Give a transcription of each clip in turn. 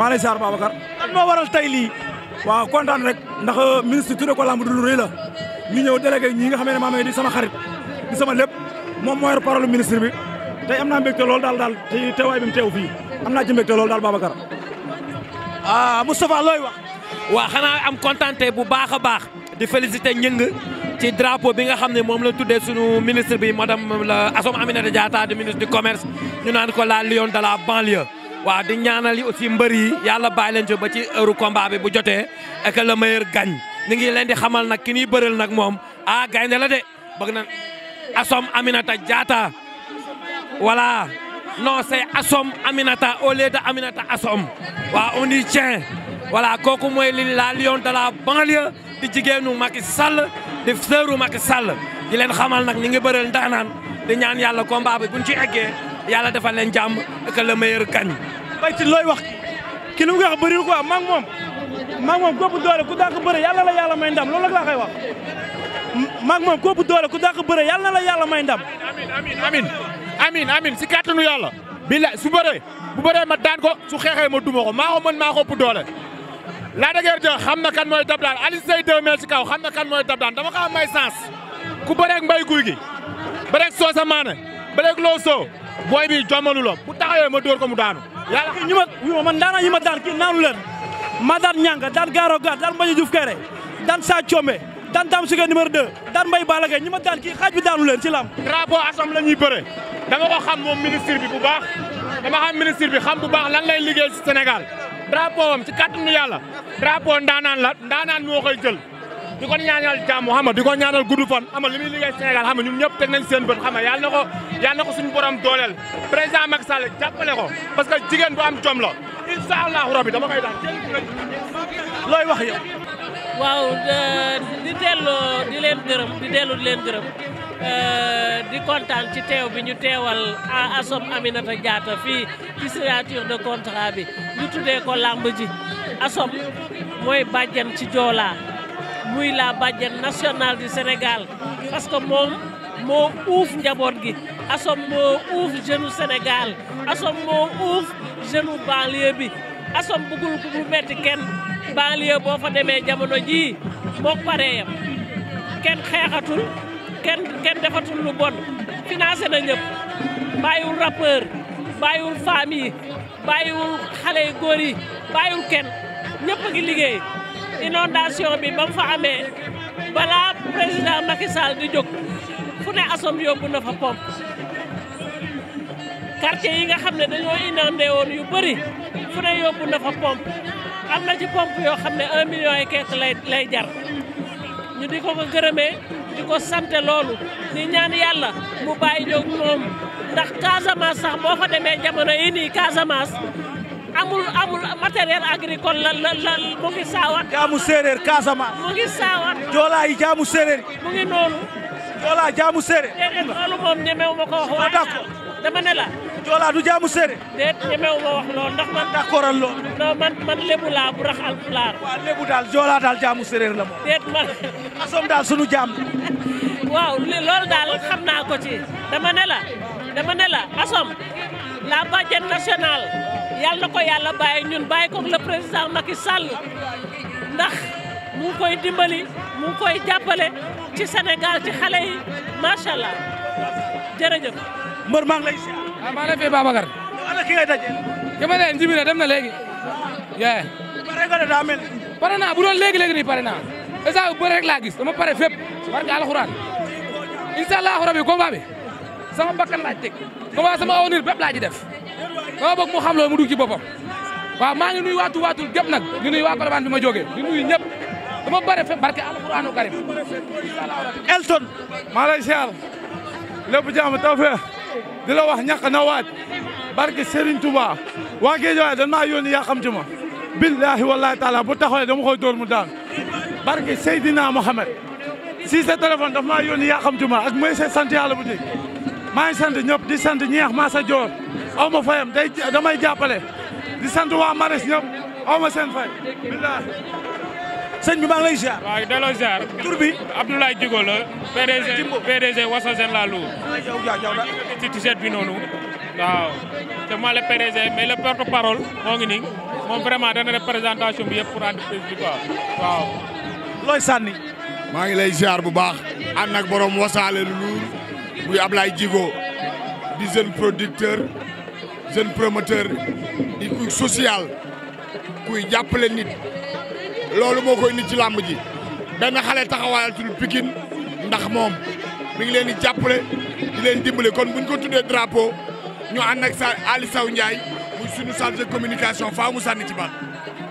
maa lay siyaar Babacar. lan moo waral tey lii. waa kontaan rek ndax euh, ministre tuddee ko lamb du lu la ñu ñëw délégué ñi nga xam ne maamay di sama xarit di sama lépp moom moo yor parole ministre bi tey am naa mbégte lool daal daal ci teewaay bi mu teew fii am naa ci mbégte lool daal Babacar. ah Moustapha looy wax. waa xanaa am kontante bu baax a baax di féliciter ñëng ci drapeau bi nga xam ne moom la tuddee sunu ministre bi madame la Assome Aminata Diatta di ministre du commerce la lion waaw di ñaanal yi aussi mbër yi yàlla bàyyi leen ci ba ci heure combat bi bu jotee et que le meilleur gagne leen di xamal nag ki ñuy bëreel nag moom ah gaynde la de bëgg na Assome Aminata Diatta voilà non c'est Assome Aminata au Aminata Assome waaw on y tient voilà kooku mooy li la lion de la banlieue di jigéenu Macky Sall di sëru Macky Sall di xamal nag ñu ngi bëreel di ñaan yàlla combat bi buñ ci eggee yàlla defal leen jàmm que le meilleur gagne. baytin looy wax ki lu mu wax bëriwul quoi maa ngi moom maa ku moom góobu doole ku dàq bëre yàlla la yàlla may ndam loolu la laa koy wax. maa ngi moom góobu doole ku dàq bëre yàlla la yàlla may ndam. amiin amiin amiin amiin amiin si kàttanu yàlla. billaay su bu bëree ma daan ko su xeexee ma duma ko maa ko mën maa ko ëpp doole. Lac de Guiers xam na kan mooy dab daan Alioune Seye 2 mètres kaw xam na kan mooy dab daan dama ko may sens ku bëreeg mbay guy gi bëreeg sa maane bëreeg loo soo booy bi jommalu la bu taxawee ma door ko mu daanu. yàlla xam ñu ma wu man daanaka ñu ma daan kii naanu leen ma daan ñàng daan gaaro gaar daan mbañu Diouf Kéré daan Sa Thiomé daan Dame Suga numéro 2 daan Mbaye Balla Gaye ñu ma daan kii xaaj bi daanu leen ci lam drapeau asam la ñuy bëre dama ko xam moom ministre bi bu baax dama xam ministre bi xam bu lan lay liggéey ci Sénégal drapeau am ci kàttanu yàlla drapeau ndaanaan la ndaanaan moo koy jël di ko ñaanal jàmm xam ñëpp teg nañ seen bët xam nga na ko yal na ko suñu borom dooleel président Macky Sall jàppale ko parce que jigéen bu am jom la incha allahu rabi dama koy daan looy wax yow. waaw di delloo di leen gërëm di dellu di leen gërëm euh, di kontaan ci teew bi ñu teewal a asom Aminata Diatta fii ci de contrat bi ñu tuddee ko làmb ji asom mooy bàjjen ci joolaa muy la bàjjen nationale du Sénégal parce que moom. moo uuf njaboot gi asom moo uuf jeune u asom moo uuf jeune u banlieue bi asom bëggul ku mu metti kenn banlieue boo fa demee jamono jii moo paree yam kenn xeexatul kenn kenn defatul lu bon financé na ñëpp bàyyiwul rappeur bàyyiwul femme yi bàyyiwul xale yu góor yi kenn ñëpp a ngi liggéey inondation bi ba mu balaa président Macky di jóg fu ne asom yóbbu yi nga xam ne dañoo inondé woon yu bëri fu ne yóbbu na fa pompe am yoo xam ne un million et quelque lay lay jar ñu di ko ko gërëmee di ko sante loolu di ñaan yàlla mu bàyyi ñoog ndax Casamance sax boo fa demee jamono yi nii amul amul matériel agricole la la la mu séeréer Casamance. mu ngi saawat. joolaa yi jaamu séeréer. mu ngi noonu. joolaa jaamu séeréer. loolu moom ñemewu ma ko wax. waaye ah, d'accord la. joolaa jaamu séeréer. déet ñemewu ma loolu ndax man. d'accord al loolu. non man jaamu séeréer la moom. déet man. asom daal sunu jaam. waaw loolu daal xam naa ko ci dama la dama la asom. la Badiane nationale yàlla na ko yàlla bàyyi ñun bàyyi ko le président Macky ndax mu koy dimbali mu koy jàppale ci Sénégal ci xale yi macha mbër maa ngi lay si. waaw ah, maa ngi lay fay Babacar. ana ki ngay ma leen jibile dem na léegi. yee. pare naa bu doon léegi léegi nii pare naa. instant bu laa gis dama pare fépp barke alxuraan incha allah rabbi combat bi. sama bakkan laaj teg comment sama avenir bépp laa ci def a bëgg mu xam loolu mu dugg ci boppam waaw maa ngi nuyu waatu waatul gépp nag di nuyu waa Colobane bi ma jógee di nuyu ñëpp dama bëre fe barke alquranu karim Elton maa lay siyaar lépp jàmm tawfeex di la wax ñàkk na waaj barke Serigne Touba waa Guédiawaye dañ maa yónni yaa xam ci ma billahi wallahi taala bu taxawee dama koy dóor mu daan barke Seydina Mohamed si sa téléphone daf maa yónni yaa xam ci ma ak mooy sant yàlla bu dégg maa ngi sant ñëpp di sant ñeex Massa Dior aw ma fayam day damay jàppale di sant waa Maris ñëpp aw ma fay billahi sëñ bi maa ngi lay ziar. waaw delloo ziar. tur bi Abdoulaye Djigo la. PDG t-shirt bi noonu. waaw te maa le PDG mais le porte parole moo ngi nii moom vraiment dana représentation bi yëpp pour entreprise bi waaw. looy sànni. maa ngi lay ziar bu baax. ànd ak borom wasaale lu muy Ablaye Djigo di jeune producteur jeune promoteur di kuy social kuy jàppale nit loolu moo koy nit ci làmb ji benn xale taxawaayatul Pikine ndax moom mi leen di jàppale di leen dimbale kon buñ ko tuddee drapeau ñu ànd ak sa Ali Sow Ndiaye muy suñu chargé de communication faa mu sànni ci baat.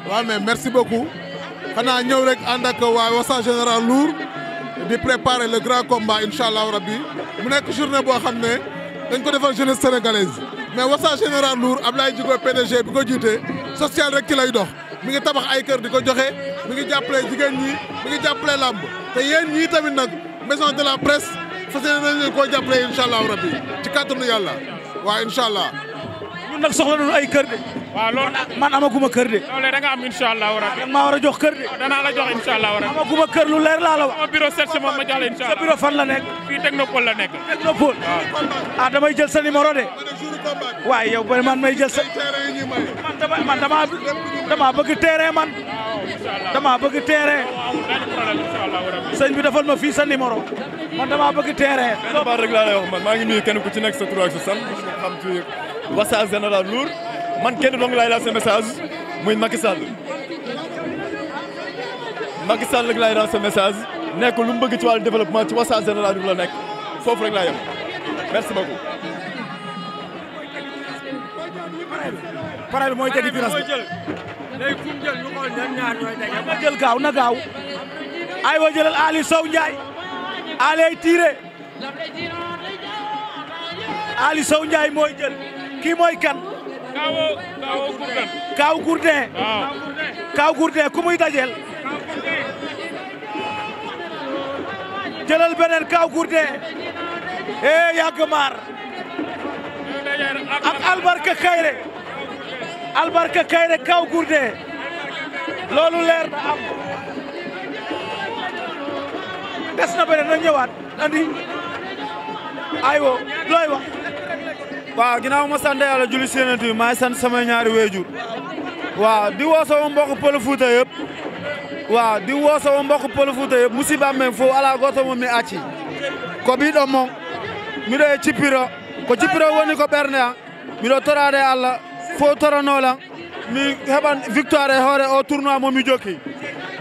waaw mais merci beaucoup xanaa ñëw rek ànd ak waa Wassare Général Lourd di préparer le grand combat allah rabbi mu nekk journée boo xam ne dañ ko defal jeunesse sénégalaise mais Wassa Général Lour Ablaye Djigo PDG bi ko jiite social rek ci lay dox mi ngi tabax ay kër di ko joxe mi ngi jàppale jigéen ñi mi ngi jàppale làmb te yéen ñii tamit nag maison de la presse fas yéene nañ leen koo jàppale incha allahu rabbi ci kàttanu yàlla waaw incha allah. nag soxla nañu ay kër de. waaw loolu man amaguma kër de. loolee da nga am incha allahu rabi. maa war a jox kër de. danaa la jox incha allahu rabi. amaguma kër lu leer laa la wax. sama bureau seet si moom ma jox la incha allah sa bureau fan la nekk. fii technopole la nekk. technopole waaw. ah damay jël sa numéro de. waaye yow man man may jël sa. man dama man dama dama bëgg terrain man. dama bëgg terrain. sëñ bi defal ma fii sa numéro. man dama bëgg terrain. benn baat rek laa lay wax man maa ngi nuyu kenn ku ci nekk sa tur ak sa sant xam ci Wassare Général Lour. man kenn dong laay lancé message muy Macky Sall Macky Sall rek laay lancé message nekk lu mu bëgg ci wàllu développement ci wasaare général bi la nekk foofu rek laa yem merci beaucoup. pare bi mooy tegi finance bi léegi fu mu jël ñu xool ñoom ñaar ñooy tege ma jël gaaw na gaaw aywa jëlal Ali Sow Ndiaye Ali tiire Ali Sow Ndiaye mooy jël kii mooy kan. Kaaw Gourdin Kaaw Gourdin ku muy dajeel jëlal beneen Kaaw Gourdin eh yàgg Albarka Kayre Albarka Kayre Kaaw Gourdin loolu leer na beneen na ñëwaat andi aywo looy wax waaw ginnaaw ma sant yàlla julli si yeneen bi samay ñaari waajur waaw di woo sama mbokk pël Fuuta yëpp waaw di woo sama mbokk pël Fuuta yëpp musiba men fo ala goto mo mi acci ko ɓiɗo mon miɗo e cippiro ko cippiro woni ko ɓernde an miɗo torade allah fo toranolan mi heɓan victoire e hoore o tournoi momi jokki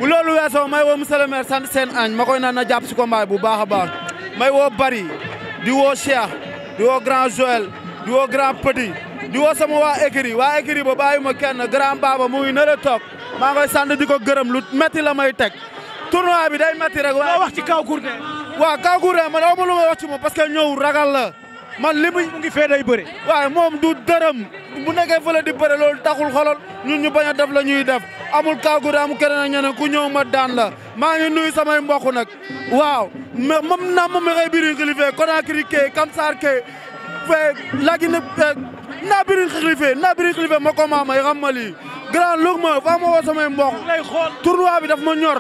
loolu weesoo may woo monsieur le seen añ ma koy naan na jàpp si combat bu baax a baax may woo Bari di woo Cheikh di woo Grand Joël di woo grand petit di woo sama waa écurie waa écurie ba bàyyuma kenn grand baba mu ngi nar a toog maa ngoy sant di ko gërëm lu metti la may teg tournoi bi day metti rek waaw wax ci kaw Gourdin waaw kaw Gourdin man ma wax ci moom parce que ñëw ragal la man li mu ngi fee day waaye moom du dërëm bu nekkee fële di bëri loolu taxul xolol ñun ñu bañ a def la ñuy def amul kaw Gourdin amul keneen ak ku ñëw ma daan la maa ngi nuyu samay mbokk nag waaw mais moom na moom mi xëy biri kilife Conakry kee pe lagine eh, nabirin xilife nabirin xilife ma ko yi xam ma lii grand lug ma fa ma woo samay mbokk tournoi bi daf ma ñor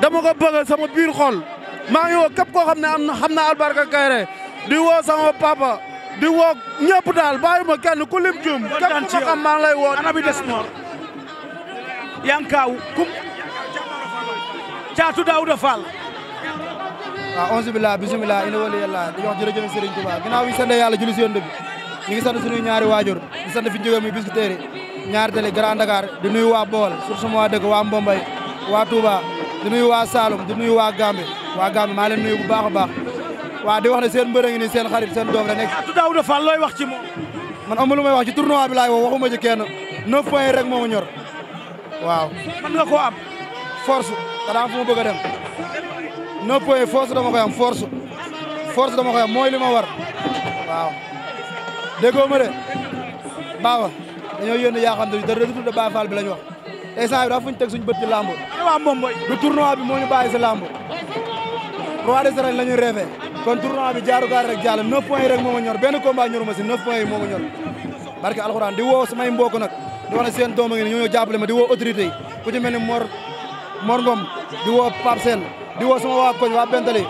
dama ko bëgg sama biir xol maa ngi woo képp koo xam ne am na xam naa albarka kayre di woo sama papa di woo ñëpp daal bàyyi kenn ku lim jum képp ku xam maa lay woo ana bi des na yankaaw kum caatu Daouda Fall waaw onze billah bisimilah ina wali yàlla di wax jërëjëf Serigne Touba ginnaaw bi sant yàlla julli si yonent bi ñu ngi sant suñuy ñaari waajur di sant fi ñu jógee muy Biscuiterie ñaari télé Grand Dakar di nuyu waa Bawol surtout sama waa dëkk waa Mbombay waa Touba di nuyu waa Saloum di nuyu waa Gambe waa Gambe maa leen nuyu bu baax a baax waaw di wax ne seen mbër a seen xarit seen doom la nekk Daouda Fall looy wax ci moom may wax ci tournoi bi laay woo waxuma ci kenn neuf points rek moo ñor waaw man nga koo am force daa bëgg a no point force dama koy am force force dama mooy li ma war waaw déggoo ma de baawa dañoo yéen a yaaxam te dara du de Baye Fall bi lañ wax instant bi daa fuñu teg suñu bët ci lamb waa moom mooy du tournoi bi moo ñu bàyyi si lamb roi des arènes la ñuy rêvé kon tournoi bi jaaru gaar rek jàll 9 points rek moo ma ñor benn combat ñoruma si 9 points yi moo ma ñor barke alxuraan di woo samay mbokk nag di wax ne seen doom a ngi ne ñoo ñoo ma di woo autorité yi ci mel ni Mor Mor Ngom di woo Pape Sène di woo sama waa koñ waa Bentali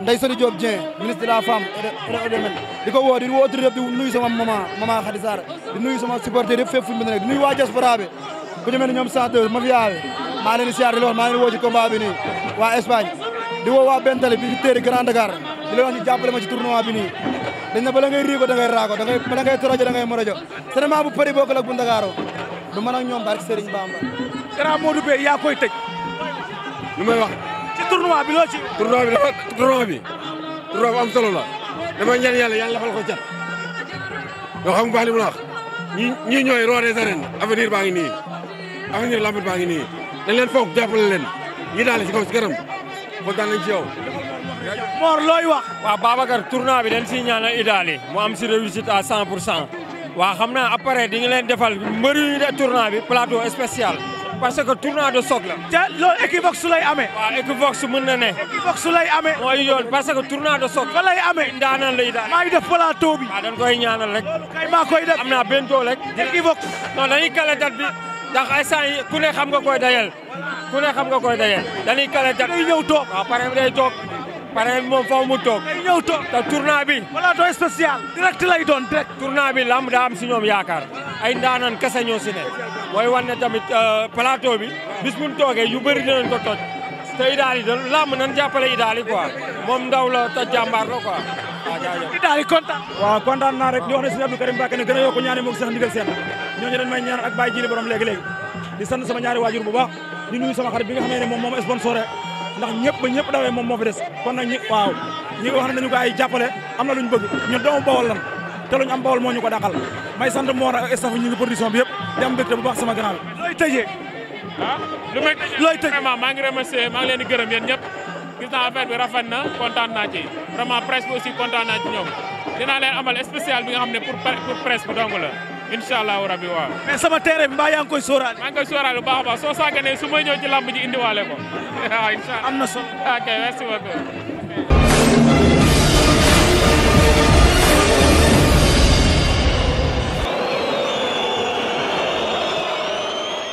Ndeye Sodi Diop Dieng ministre de la femme et des di ko woo di woo tur di nuyu sama maman maman Khady di nuyu sama supporter yëpp fépp fu di nuyu waa diaspora bi ñoom centre ma maa leen siyaar di la maa leen woo ci waa Espagne di woo waa Bentali bi fi téeri Grand Dakar di la wax ñu ma ci tournoi bi nii dañ riigo da raago da ngay lu may wax. ci tournoi bi loo ci. tournoi bi dafa tournoi am solo la damay ñaan yàlla yàlla defal ko cat yoo xam nga baax li mu wax ñi ñii ñooy roi des arènes avenir baa ngi nii avenir lamb baa ngi nii dañ leen foog jàppale leen ñi daal ci kaw ci kanam kontaan nañ ci yow. Mor looy wax. waaw Babacar tournoi bi dañ siy ñaanal Idaly mu am si réussite à 100 pour cent waaw xam naa après di ngi leen defal mbëri yu ñu def tournoi bi plateau parce que tournoi de soc la. te loolu Equivox su lay amee. waaw Equivox na ne. Equivox su lay amee. mooy yoon parce que tournoi de soc. fa lay amee ndaanaan maa ngi def plateau maa koy def naa benn tool rek. Equivox non dañuy bi ndax instant yi ku ne xam nga koy dayal. ku ne xam nga koy dayal. dañuy kale date bi ñëw toog. waaw pare day toog. pare moom faw mu toog. day ñëw toog te tournoi bi. plateau spécial. bi lam daa am si ñoom yaakaar ay ndaanan kese ñoo ne. waaye wan ne tamit euh, plateau bi bis bu ñu toogee yu bëri dinañ ko toj te Idaly da làmb nan jàppale Idaly quoi moom ndaw la te jàmbaar la ko waaw ah, jaajëf Idaly kontaan waaw kontaan naa rek di wax ne sëñ Abdou Karim Mbacké ne gën a yokk sax ndigal seen ñooñu dañ may ñaan ak bàyyi borom léegi-léegi di sant sama ñaari waajur bu baax di nuyu sama xarit bi nga xam ne moom moom sponsoré ndax ñëpp ba ñëpp dawee moom moo fi des kon nag ñi waaw ñi nga wax ne nañu ko ay jàppale am na luñ bëgg ñu doomu bawol lan te am bawol moo ñu ko dàqal may sant Mor ak staff ñu ngi production bi yëpp di am bu baax sama grand looy tëjee. Ah, lu may tëjee looy maa ngi remercier maa ngi leen di gërëm yéen ñëpp gis naa affaire bi rafet na kontaan naa ci vraiment presse bi aussi kontaan naa ci ñoom dinaa leen amal spécial bi nga xam ne pour pour presse bi dong la incha allahu rabi waaw. mais sama terrain bi mbaa yaa ngi koy sóoraale. maa ngi koy sóoraale bu baax a baax soo saaganee su may ñëw ci indiwaale ko ah, am na solo ok merci